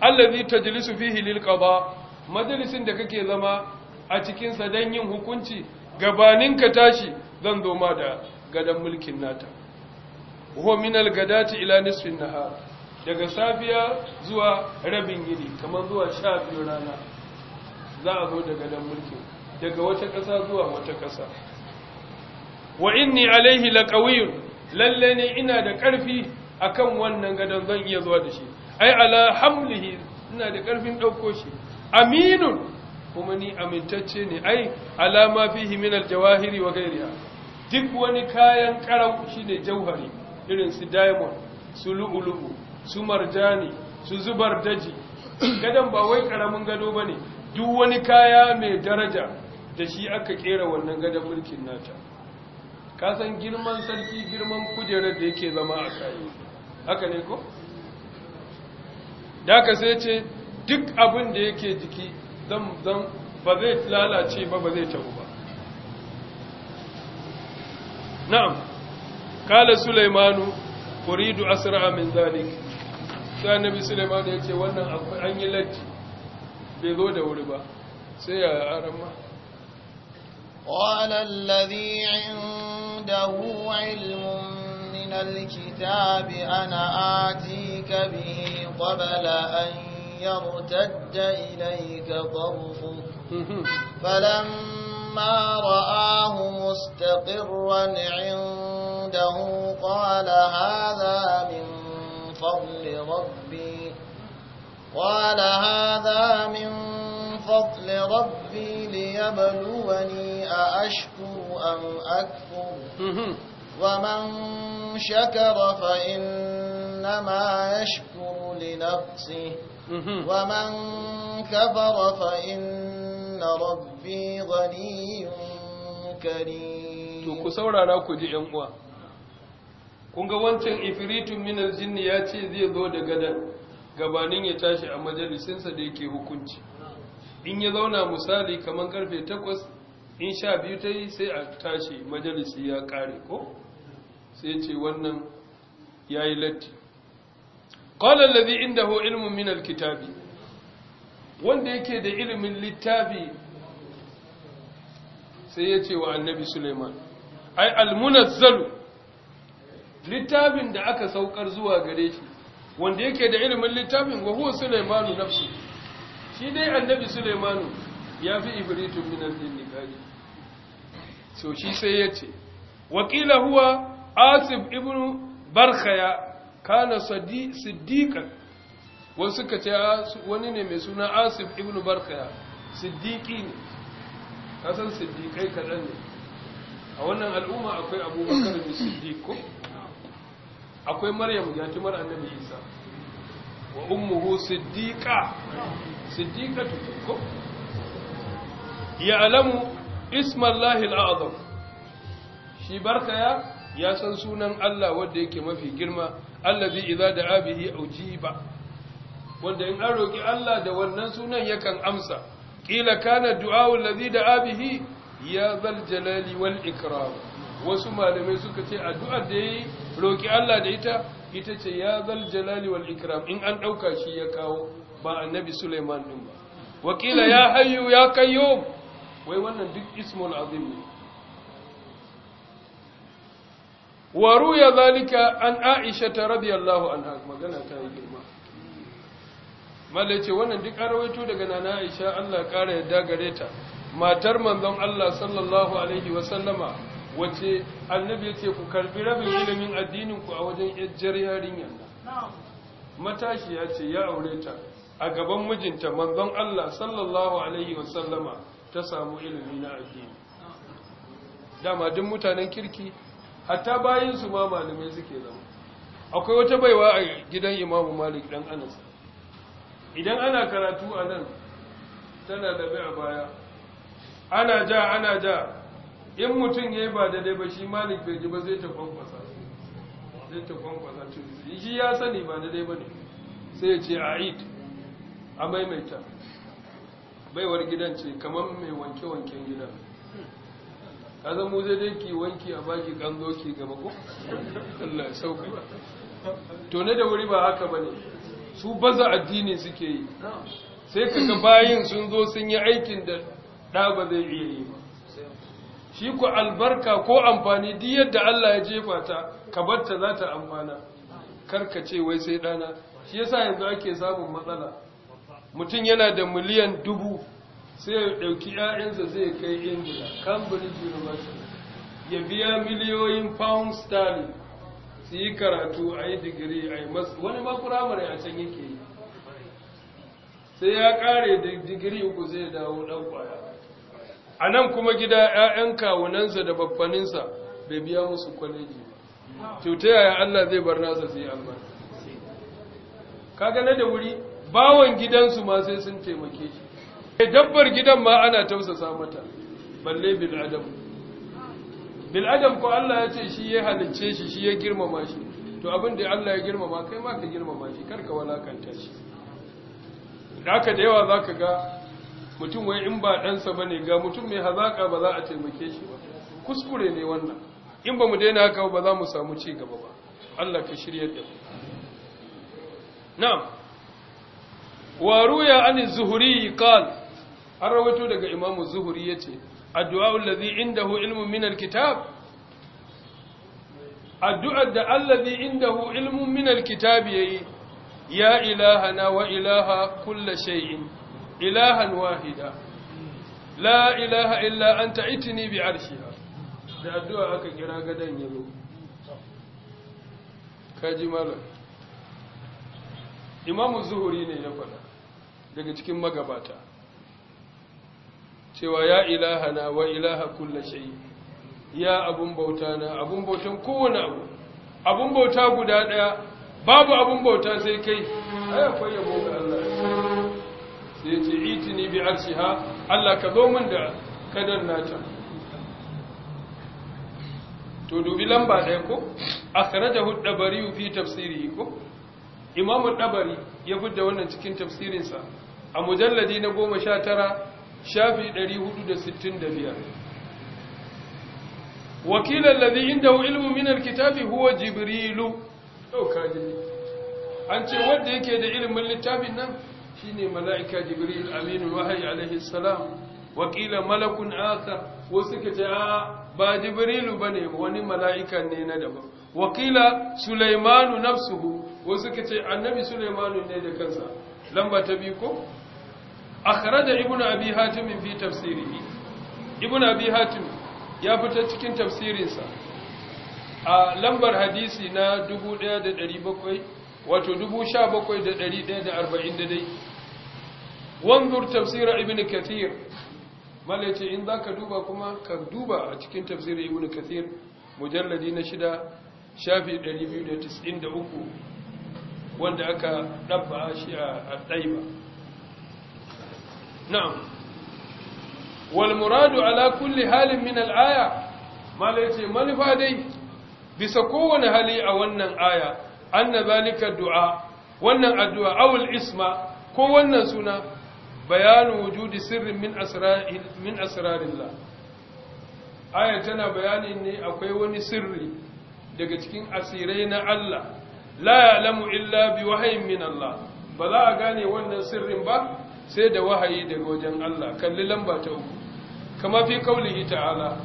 allazi tajlisu fihi lil qada majalisin da kake zama a cikin sa dan yin hukunci gabanin ka tashi zan zo ma da gadan mulkin nata huwa min al gadati ila nisfin nahar daga safiya zuwa rabin gini, kamar zuwa sha biyu rana za a zo daga nan mulkin daga wata ƙasa zuwa wata ƙasa wa inni alaihi laqawiyun lalle ne ina da ƙarfi akan wannan gadon zan iya zuwa da shi ai ala hamlihi ina da ƙarfin ɗauko shi aminun kuma ni amintacce ne ai alama fihi min aljawahiri wa ghairiha duk wani kayan karau shine jauhari irin su diamond su lu'ulu'u su marjani su zubar daji gadon ba wai karamin gado ba ne duk wani kaya mai daraja da shi aka kera wannan gadon mulkin nata kasan girman sarki girman kujerar da yake zama a kayi haka ne ko? da ka sai ce duk abin da yake jiki zan ba zai lalace ba ba zai tabu ba na'am kala sulaimanu uridu asra min zalik sai annabi suleiman ya ce wannan an yi latti bai zo da wuri ba sai ya arama qala alladhi indahu ilmun min alkitabi ana atika bihi qabla an yartadda ilayka tarfuk falamma ra'ahu mustaqirran indahu qala hadha min فضل ربي قال هذا من فضل ربي ليبلوني أأشكر أم أكفر ومن شكر فإنما يشكر لنفسه ومن كفر فإن ربي غني كريم تكسورنا كجي أموا kun ga wancan ifiritun minar jinni ya ce zai zo da gadan gabanin ya tashi a majalisinsa da yake hukunci in ya zauna misali kamar karfe takwas in sha biyu ta yi sai a tashi majalisi ya kare ko sai ce wannan ya yi latti ƙwalar in inda ho ilimin minar kitabi wanda yake da ilimin littafi sai ya ce wa annabi suleiman ai almunazzalu littafin da aka saukar zuwa gare shi wanda yake da ilimin littafin wa huwa sulaimanu nafsu shi dai annabi sulaimanu ya fi al-jinni linnifari so shi sai ya ce huwa asif Ibnu barkhaya kana Sadi siddiqan wasu suka ce ah, wani ne mai suna asif Ibnu barkhaya siddiqi ne kasan siddiqai kaɗan ne a wannan al'umma akwai abubakar da siddiq akwai maryam yatimar annabi isa wa ummuhu siddiqa siddiqatu ko ya'lamu ismallahi al'azam shi barka ya ya san sunan Allah wanda yake mafi girma allazi idza da'a bihi ujiba wanda in an roki Allah da wannan sunan yakan amsa qila kana du'a allazi da'a bihi ya zal jalali wal ikram wasu malamai suka ce addu'ar da yayi roƙi Allah da ita ita ce ya zal jalali wal ikram in an ɗauka shi ya kawo ba annabi Suleiman din ba wakila ya hayu ya kayo wai wannan duk ismul azim ne wa ruya zalika an Aisha ta radiyallahu anha magana ta yi girma mallace wannan duk an rawaito daga nana Aisha Allah ya kara yadda gare ta matar manzon Allah sallallahu alaihi wa sallama wace annabi ya ce ku karbi rabin ilimin addininku a wajen yajjar yarinyar nan matashi ya ce ya aure ta a gaban mijinta manzon Allah sallallahu alaihi wasallama ta samu ilimi na addini dama duk mutanen kirki hatta bayin su ma malamai suke zama akwai wata baiwa a gidan Imam Malik dan Anas idan ana karatu a nan tana da a baya ana ja ana ja in mutum ya yi ba daidai ba shi malik bai ji ba zai ta kwankwasa zai ta kwankwasa tunisi shi ya sani ba daidai ba ne sai ya ce a id a maimaita baiwar gidan ce kamar mai wanke-wanken gidan ka zan mu zai dai ki wanki a baki kanzo ki gaba ko Allah sauka to ne da wuri ba haka ne su baza addini suke yi sai kaka bayin sun zo sun yi aikin da da ba zai iya yi ba shi ku albarka ko amfani duk yadda Allah ya jefa ta ka barta ta za ta amfana karka ce wai sai dana shi yasa yanzu ake samun matsala mutum yana da miliyan dubu sai ya ɗauki ‘ya'yansa zai kai ingila cambridge university ya biya miliyoyin pound sterling su yi karatu a yi digiri a yi masu wani makuramare a can yake yi sai ya ƙare digiri uku zai dawo ɗan ƙwaya a nan kuma gida 'ya'yan kawunansa da babbaninsa bai biya musu kwaleji ba yaya Allah zai bar nasa su yi albarka Ka gane da wuri bawon gidansu ma sai sun taimake shi eh, dabbar gidan ma ana tausasa mata balle bil adam ko Allah ya ce shi ya halicce shi shi ya girmama shi to abin da Allah ya girmama kai ma ka girmama shi karka walakanta shi da aka da yawa zaka ga mutum wai in ba ɗansa ba ne ga mutum mai hazaƙa ba za a taimake shi ba kuskure ne wannan in ba mu daina haka ba za mu samu ci gaba ba Allah ka shirya da na'am wa ruya an zuhuri qal an rawaito daga imamu zuhuri yace addu'a allazi indahu ilmun min alkitab addu'a da allazi indahu ilmun min alkitab yayi ya ilahana wa ilaha kulli shay'in ilahan wahida la ilaha illa anta itini bi arshiha da addu'a aka kira gadan yalo kaji malam imamu zuhuri ne ya faɗa daga cikin magabata cewa ya ilaha na wa ilaha kulla ya abun bauta na abun bautan kowane abu abun bauta guda ɗaya babu abun bauta sai kai sai ce ni bi ha, Allah ka zo min da kadar nata to dubi lamba ɗaya ko akhrajahu ad-dabari fi tafsiri ko imam dabari ya fidda wannan cikin tafsirin sa a mujalladi na 19 shafi 465 wakil alladhi indahu ilmu min al-kitabi huwa jibrilu to kaji an ce wanda yake da ilimin littafin nan shine mala'ika jibril aminu wahayi alaihi salam wakila malakun aka ko suka ce ba jibrilu ba ne wani mala'ika ne na daban wakila sulaimanu nafsuhu ko suka ce annabi sulaimanu ne da kansa lamba ta biyu ko akhraja ibnu abi hatim fi tafsirihi ibnu abi hatim ya fita cikin tafsirinsa a lambar hadisi na 1700 wato 17,140 wanzur tafsira ibn kathir malace in za ka duba kuma ka duba a cikin tafsira ibn kathir mujalladi na shida shafi 293 wanda aka ɗabba shi a ɗaiba na'am walmuradu ala kulli halin min al'aya malace manufa dai bisa kowane hali a wannan aya anna zalika du'a wannan addu'a awul isma ko wannan suna bayanu wujudi sirri min asrarin min asrarillah aya tana bayani ne akwai wani sirri daga cikin asirai na Allah la ya'lamu illa bi wahyin min Allah ba za a gane wannan sirrin ba sai da wahayi daga wajen Allah kalli lamba ta uku kama fi kaulihi ta'ala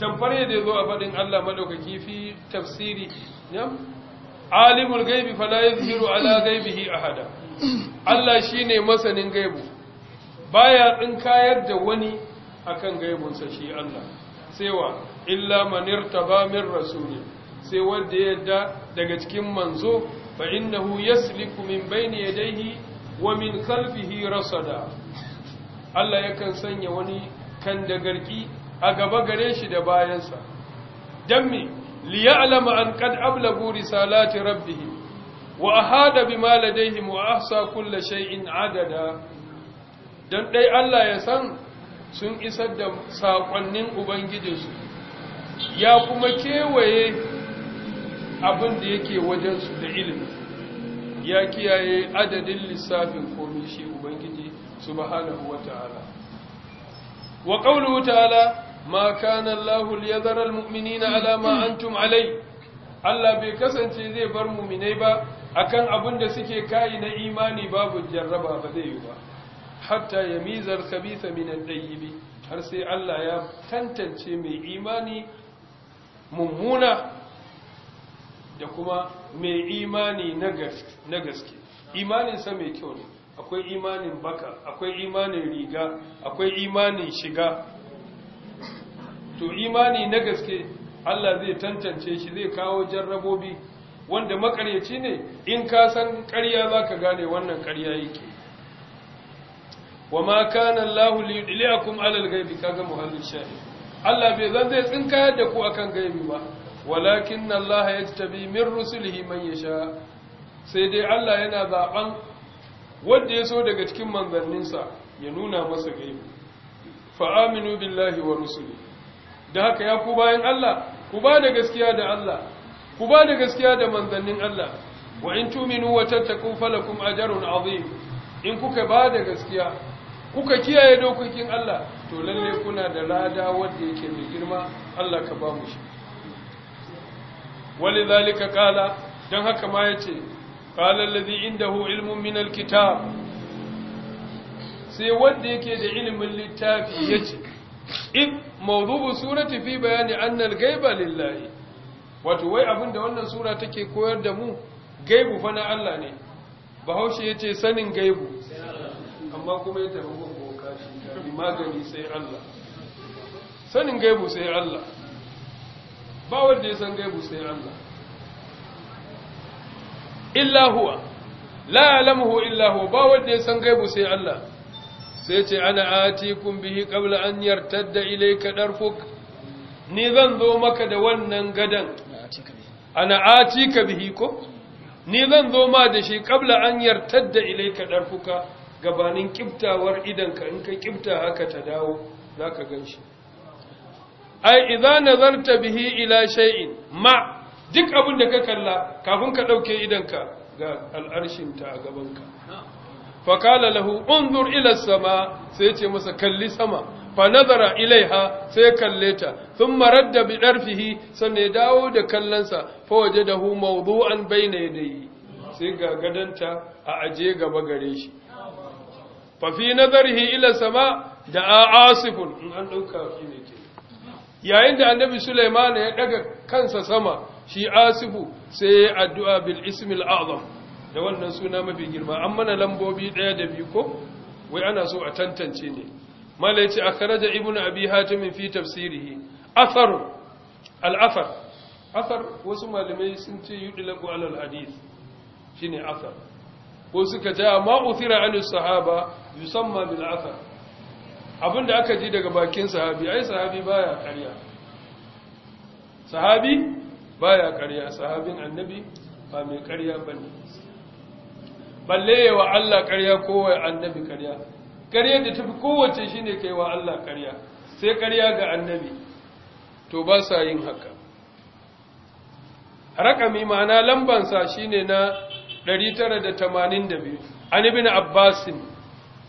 tamfar da zo a faɗin Allah madaukaki fi tafsiri alimul gaibi fala yuzhiru ala gaibihi ahada Allah shine masanin gaibu baya din kayar da wani akan gaibunsa shi Allah Sai wa illa man irtaba min rasuli sai wanda yadda daga cikin manzo fa innahu yasliku min bayni yadayhi wa min khalfihi rasada Allah yakan sanya wani kan da garki a gaba gare shi da bayansa dan me ليعلم أن قد أبلغوا رسالات ربهم وأحاد بما لديهم وأحصى كل شيء عددا dan dai Allah ya san sun isar da sakonnin ubangijinsu ya kuma kewaye abin da yake wajensu da ilimi ya kiyaye adadin lissafin komai shi ubangiji subhanahu wataala wa qawluhu ta'ala ma kana Allah liyadhara almu'minina ala ma antum alai Allah bai kasance zai bar mu'minai ba akan abin da suke kai na imani babu jarraba ba zai yi ba hatta yamizar khabitha min at-tayyib har sai Allah ya tantance mai imani mummuna da kuma mai imani na gaske imaninsa mai kyau ne akwai imanin baka akwai imanin riga akwai imanin shiga to imani na gaske Allah zai tantance shi zai kawo jarrabobi wanda makaryaci ne in ka san ƙarya za ka gane wannan ƙarya yake wa ma kana Allah ala alal ghaibi kaga muhallin shahi Allah bai zan zai tsinkayar da ku akan gaibi ba walakin Allah yajtabi min rusulihi man yasha sai dai Allah yana zaɓan wanda yaso daga cikin manzanninsa ya nuna masa gaibi fa aminu billahi wa rusulihi da haka ya ku bayan Allah ku ba da gaskiya da Allah ku ba da gaskiya da manzannin Allah wa in tuminu wa tattaku falakum ajrun azim in kuka ba da gaskiya kuka kiyaye dokokin Allah to lalle kuna da lada wanda yake mai girma Allah ka ba mu shi walidhalika qala dan haka ma yace qala alladhi indahu ilmun min alkitab sai wanda yake da ilimin littafi yace id mawdu'u surati fi bayani anna al-ghaiba lillahi wato wai abinda wannan sura take koyar da mu gaibu fa na Allah ne bahaushe yace sanin gaibu amma kuma ya tafi boka shi magani sai Allah sanin gaibu sai Allah ba wanda ya san gaibu sai Allah illa huwa la ya'lamuhu illa huwa ba wanda ya san gaibu sai Allah sai ce ana ati kun bihi qabla an ilai ilayka darfuk ni zan zo maka da wannan gadan ana ati ka bihi ko ni zan zo ma da shi qabla an ilai ilayka ɗarfuka gabanin kiftawar idanka in ka kifta haka ta dawo zaka ganshi ai idza nazarta bihi ila shay'in ma duk abin da ka kalla kafin ka dauke idanka ga al'arshin ta a gabanka fakala lahu unzur ila sama sai ce masa kalli sama fa nazara ilaiha sai kalle ta thumma radda bi darfihi sanne ya dawo da kallansa fa wajadahu mawdu'an bayna yadayhi sai ga gadanta a aje gaba gare shi fa fi nazarihi ila sama da asifun in an dauka shi ne ke yayin da annabi Sulaiman ya daga kansa sama shi asifu sai addu'a bil ismil azam da wannan suna mafi girma an mana lambobi ɗaya da biyu ko wai ana so a tantance ne mala yace akhraja ibnu abi hatim fi tafsirihi athar al'afar. Afar wasu malamai sun ce yudlaku ala al hadith ne afar. ko suka ja ma uthira an sahaba yusamma bil Abin da aka ji daga bakin sahabi ai sahabi baya karya. sahabi baya karya, sahabin annabi ba mai ƙarya bane balle wa Allah ƙarya kowai annabi ƙarya ƙarya da tafi kowace shi ka kai wa Allah ƙarya sai ƙarya ga annabi to ba sa yin haka raƙami ma'ana lambansa shi ne na 982 an ibn abbasin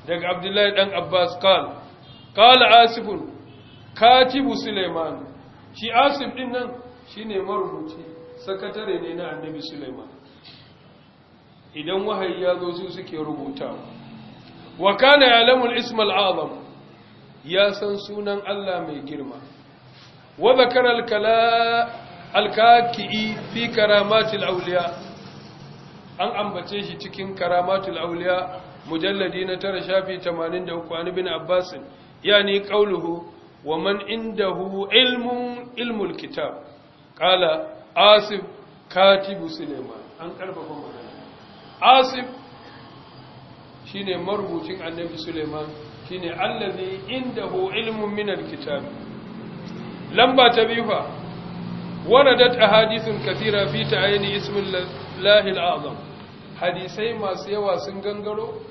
daga abdullahi ɗan abbas Kan. ƙala asifun katibu suleiman shi asif ɗin nan ne marubuci sakatare ne na annabi suleiman idan wahayi ya zo su suke rubuta wa kana ya'lamul ismal azam ya san sunan Allah mai girma wa zakara al-kala al-kaki fi karamatil awliya an ambace shi cikin karamatul awliya mujalladi na tara shafi 83 an ibn abbas yani qawluhu wa man indahu ilmun ilmul kitab qala asif katibu sulaiman an karfafa asif ne marubucin annabi suleiman shine allazi indahu ilmun min alkitab lamba ta bifa waradat ahadithun kathira fi ta'yin ismillahi azam hadisai masu yawa sun gangaro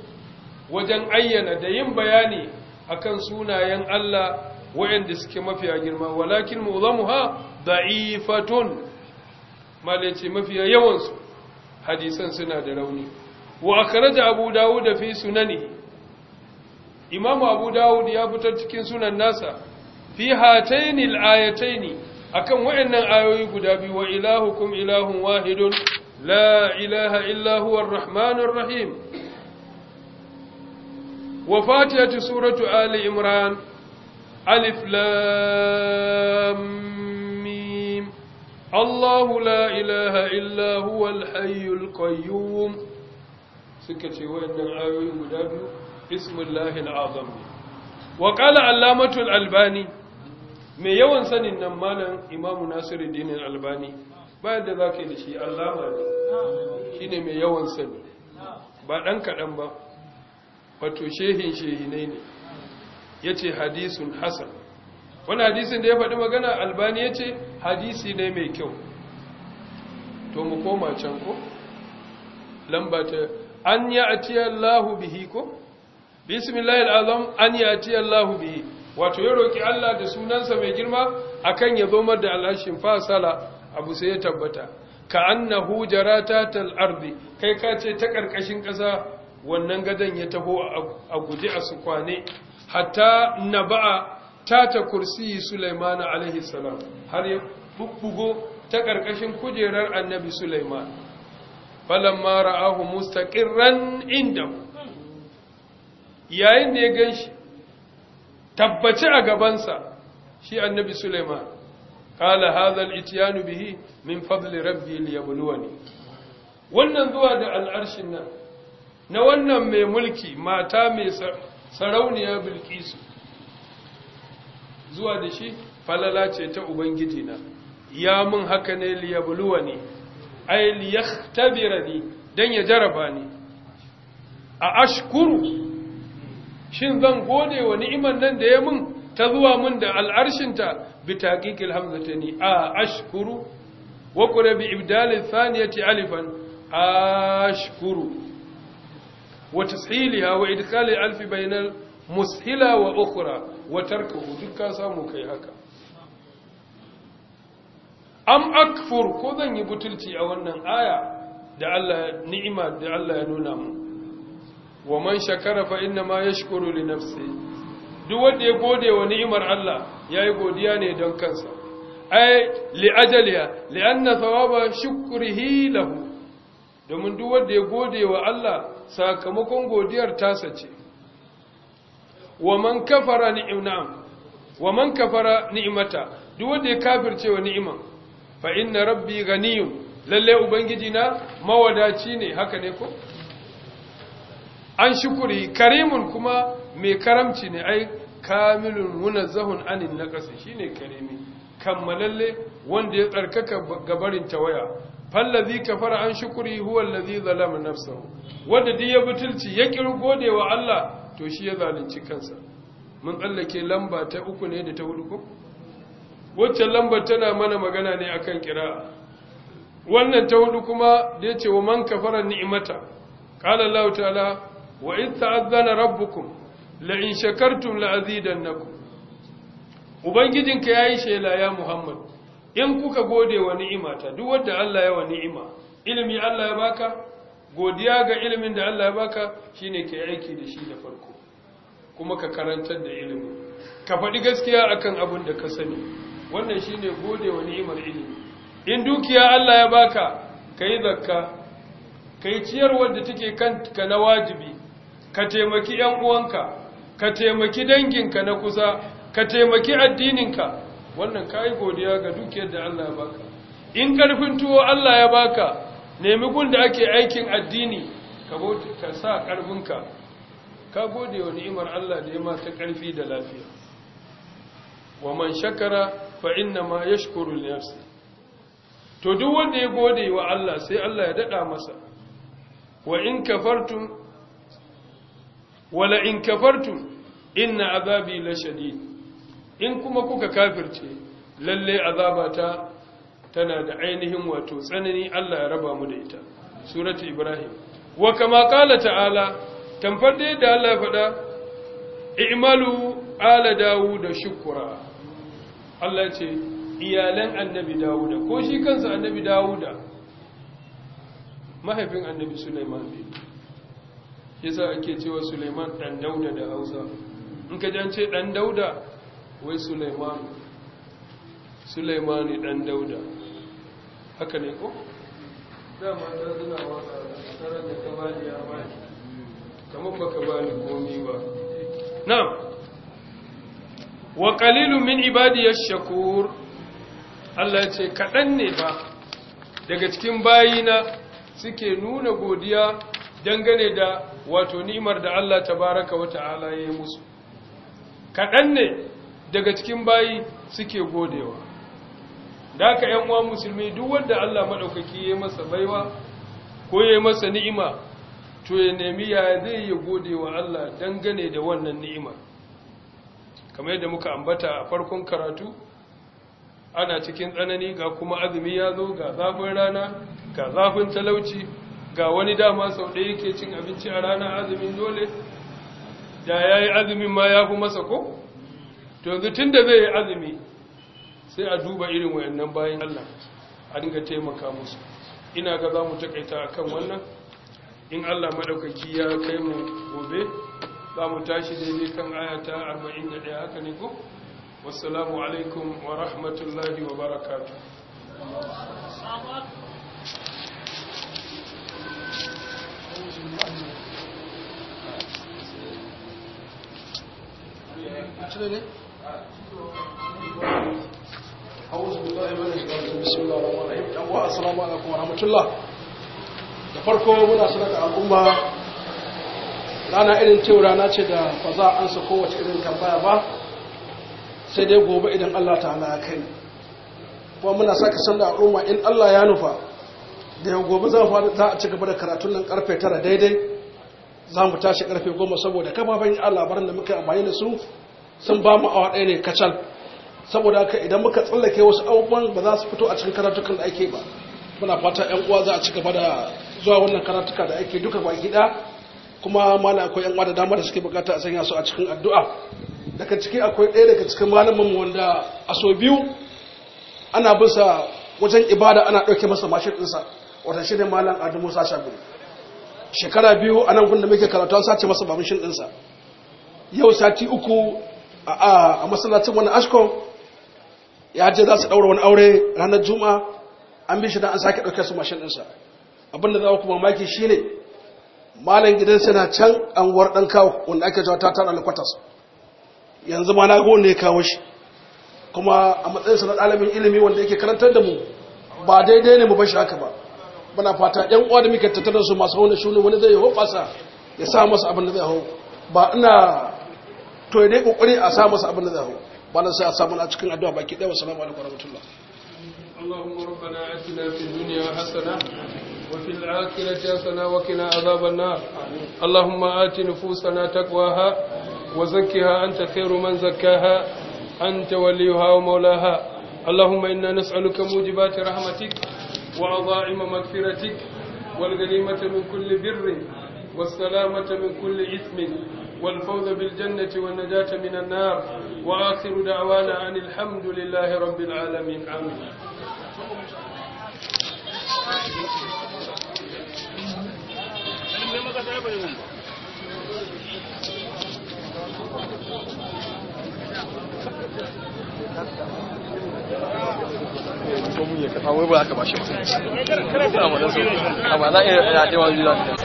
wajen ayyana da yin bayani akan sunayen Allah wayanda suke mafiya girma walakin muzamuha da'ifatun malace mafiya yawansu hadisan suna da rauni wa akhraja abu dawud fi sunani imam abu dawud ya fitar cikin sunan nasa fi hataini al akan wayannan ayoyi guda biyu wa ilahukum ilahun wahidun la ilaha illa huwa ar rahim wa fatihatu suratu ali imran alif lam Allahu la ilaha illa huwa al-hayyul qayyum suka ce wayannan ayoyi guda biyu bismillahil azam albani mai yawan sanin nan malam imamu nasiruddin al-albani bayan da zaka da shi allama ne mai yawan sani ba dan kaɗan ba wato shehin shehinai ne yace hadisun hasan wannan hadisin da ya faɗi magana albani ya ce? hadisi ne mai kyau to mu koma can ko lamba ta an ya atiya Allahu bihi ko bismillahil azam an ya atiya Allahu bihi wato ya roki Allah da sunansa mai girma akan ya zo mar da al'ashin fasala abu sai ya tabbata ka annahu hujara ta ardi kai ka ce ta ƙarƙashin ƙasa wannan gadon ya taho a guje a su kwane hatta naba'a tata kursi Sulaiman alaihi salam har ya bubbugo ta ƙarƙashin kujerar annabi Sulaiman mara ra'ahu mustaqirran inda. yayin da ya ganshi tabbaci a gabansa shi annabi Sulaiman kala hadha al-ityanu bihi min fadli rabbi liyabluwani wannan zuwa da al'arshin nan na wannan mai mulki mata mai sarauniya bilkisu zuwa da shi falala ce ta ubangiji na ya mun haka ne liyabluwa ne ai liyahtabira ni dan ya jaraba ni a ashkuru shin zan gode wa ni'imar nan da ya mun ta zuwa mun da al'arshinta bi taqiqil hamzatani a ashkuru wa qura bi ibdal thaniyati alifan ashkuru wa tashilha wa idkhal alfi bainal mushila wa ukhra watar ka duk ka samu kai haka am akfur ko zan yi butulci a wannan aya da Allah ni'ima da Allah ya nuna mu wa man shakara fa inna ma yashkuru li nafsi duk wanda ya gode wa ni'imar Allah yayi godiya ne don kansa ai li ajaliha li anna thawaba shukrihi lahu domin duk wanda ya gode wa Allah sakamakon godiyar tasa ce wa man kafara ni'am wa man kafara ni'mata duk wanda ya kafirce wa ni'iman fa inna rabbi ganiyun lalle ubangiji na mawadaci ne haka ne ko an shukuri karimun kuma mai karamci ne ai kamilun munazzahun anin naqas shine karimi kammalalle wanda ya tsarkaka gabarin tawaya fallazi kafara an shukuri huwa allazi zalama nafsahu wanda duk ya butulci ya kirgo wa Allah to shi ya zalunci kansa mun tsallake lamba ta uku ne da ta hudu ko wacce lambar tana mana magana ne akan kira wannan ta hudu kuma da ce wa man kafara ni'imata? qala Allah ta'ala wa id ta'azzana rabbukum la in shakartum la azidannakum ubangijinka yayi shela ya Muhammad in kuka gode wa ni'imata duk wanda Allah ya wa ni'ima ilimi Allah ya baka godiya ga ilimin da Allah ya baka shine ke aiki da shi da farko kuma ka karantar da ilimi ka faɗi gaskiya akan abin da ka sani wannan shine gode wa ni'imar ilimi in dukiya Allah ya baka kai zakka kai ciyar da take kanka na wajibi ka taimaki ƴan uwanka ka taimaki danginka na kusa ka taimaki addininka wannan kai godiya ga dukiyar da Allah ya baka in karfin tuwo Allah ya baka nemi gun da ake aikin addini ka sa ƙarfinka ka gode wa ni'imar Allah da ya ta ƙarfi da lafiya wa man shakara fa inna ma yashkuru nafsi to duk wanda ya gode wa Allah sai Allah ya dada masa wa in kafartum wala in kafartum inna azabi lashadid in kuma kuka kafirce lalle azabata tana da ainihin wato tsanani Allah ya raba mu da ita suratul ibrahim wa kama qala ta'ala tamfar da yadda Allah ya faɗa i'malu ala dawuda shukura Allah ce iyalan annabi dawuda ko shi kansa annabi dawuda mahaifin annabi Sulaiman ne yasa ake cewa Sulaiman dan dauda da Hausa in ka jance dan dauda wai Sulaiman Sulaiman ne dan dauda haka ne ko dama ta zina waka tsarar da ta ni ya bani kamar baka bani komi ba na'am wa qalilun min ibadiyash shakur Allah ya ce kadan ne ba daga cikin bayina suke nuna godiya dangane da wato ni'imar da Allah baraka wa ta'ala ya yi musu kadan ne daga cikin bayi suke godewa da ka ‘yan uwan musulmi duk wanda Allah maɗaukaki ya masa baiwa ko ya masa ni'ima to ya nemi ya zai ya gode wa Allah dangane da wannan ni'ima kamar yadda muka ambata a farkon karatu ana cikin tsanani ga kuma azumi ya zo ga zafin rana ga zafin talauci ga wani dama sau ɗaya yake cin abinci a rana azumin dole da ya yi azumin ma ya fi masa ko to yanzu tun da zai yi azumi sai a duba irin wayannan bayan Allah a dinga taimaka musu ina ga za mu takaita akan wannan in Allah madaukaki ya kai mu gobe za mu tashi daidai kan ayata 41 haka ne ko wassalamu alaikum wa rahmatullahi wa barakatuh Thank you. أعوذ da farko muna sanar al'umma rana irin cewa rana ce da ba za a ansa kowace irin tambaya ba sai dai gobe idan Allah ta'ala ya kai kuma muna sake sanda al'umma in Allah ya nufa da yau gobe za a ci gaba da karatun nan karfe tara daidai za mu tashi karfe goma saboda kafafen a labaran da muka amfani da su sun ba mu awa ɗaya ne kacal saboda haka idan muka tsallake wasu abubuwan ba za su fito a cikin karatukan da ake ba muna fata yan uwa za a ci gaba da zuwa wannan karatuka da ake duka baki da kuma mala akwai yan uwa da dama da suke bukata a sanya su a cikin addu'a daga ciki akwai ɗaya daga cikin malamin wanda a so biyu ana bisa wajen ibada ana ɗauke masa mashin ɗinsa wata shi ne malam adu Musa biyu shekara biyu a nan gunda muke karatu an sace masa babin ɗinsa yau sati uku a masallacin wani ashko ya je za su ɗaura wani aure ranar juma'a an bi shi da an sake ɗauke su mashin ɗinsa abin da za ku mamaki shi ne malam gidan suna can anguwar ɗan kawo wanda ake jawa ta tara alkwatas yanzu ma na gowanda ya kawo shi kuma a matsayinsa na ɗalibin ilimi wanda yake karantar da mu ba daidai ne mu bashi haka ba muna fata yan uwa da muke tattara su masu na shuni wani zai fasa ya sa masa abin da zai hau ba ina to ya dai kokari a sa masa abin da zai hau malam sai a samu a cikin addu'a baki ɗaya wasu alaikum wa rahmatullah اللهم ربنا آتنا في الدنيا حسنة وفي العاقلة حسنة وقنا عذاب النار اللهم آت نفوسنا تقواها وزكها أنت خير من زكاها أنت وليها ومولاها اللهم إنا نسألك موجبات رحمتك وعظائم مغفرتك والغنيمة من كل بر والسلامة من كل إثم والفوز بالجنة والنجاة من النار وآخر دعوانا أن الحمد لله رب العالمين آمين ko mun ya kafa ba bashi ba amma